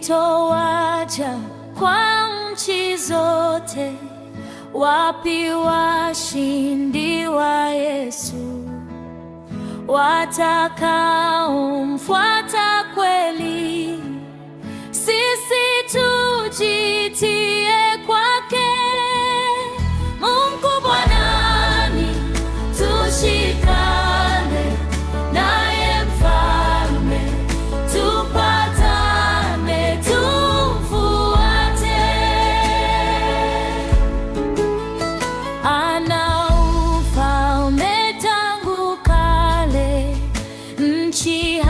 wito kwa nchi zote, wapi washindi wa Yesu watakaomfuata kweli? Sisi tujiti she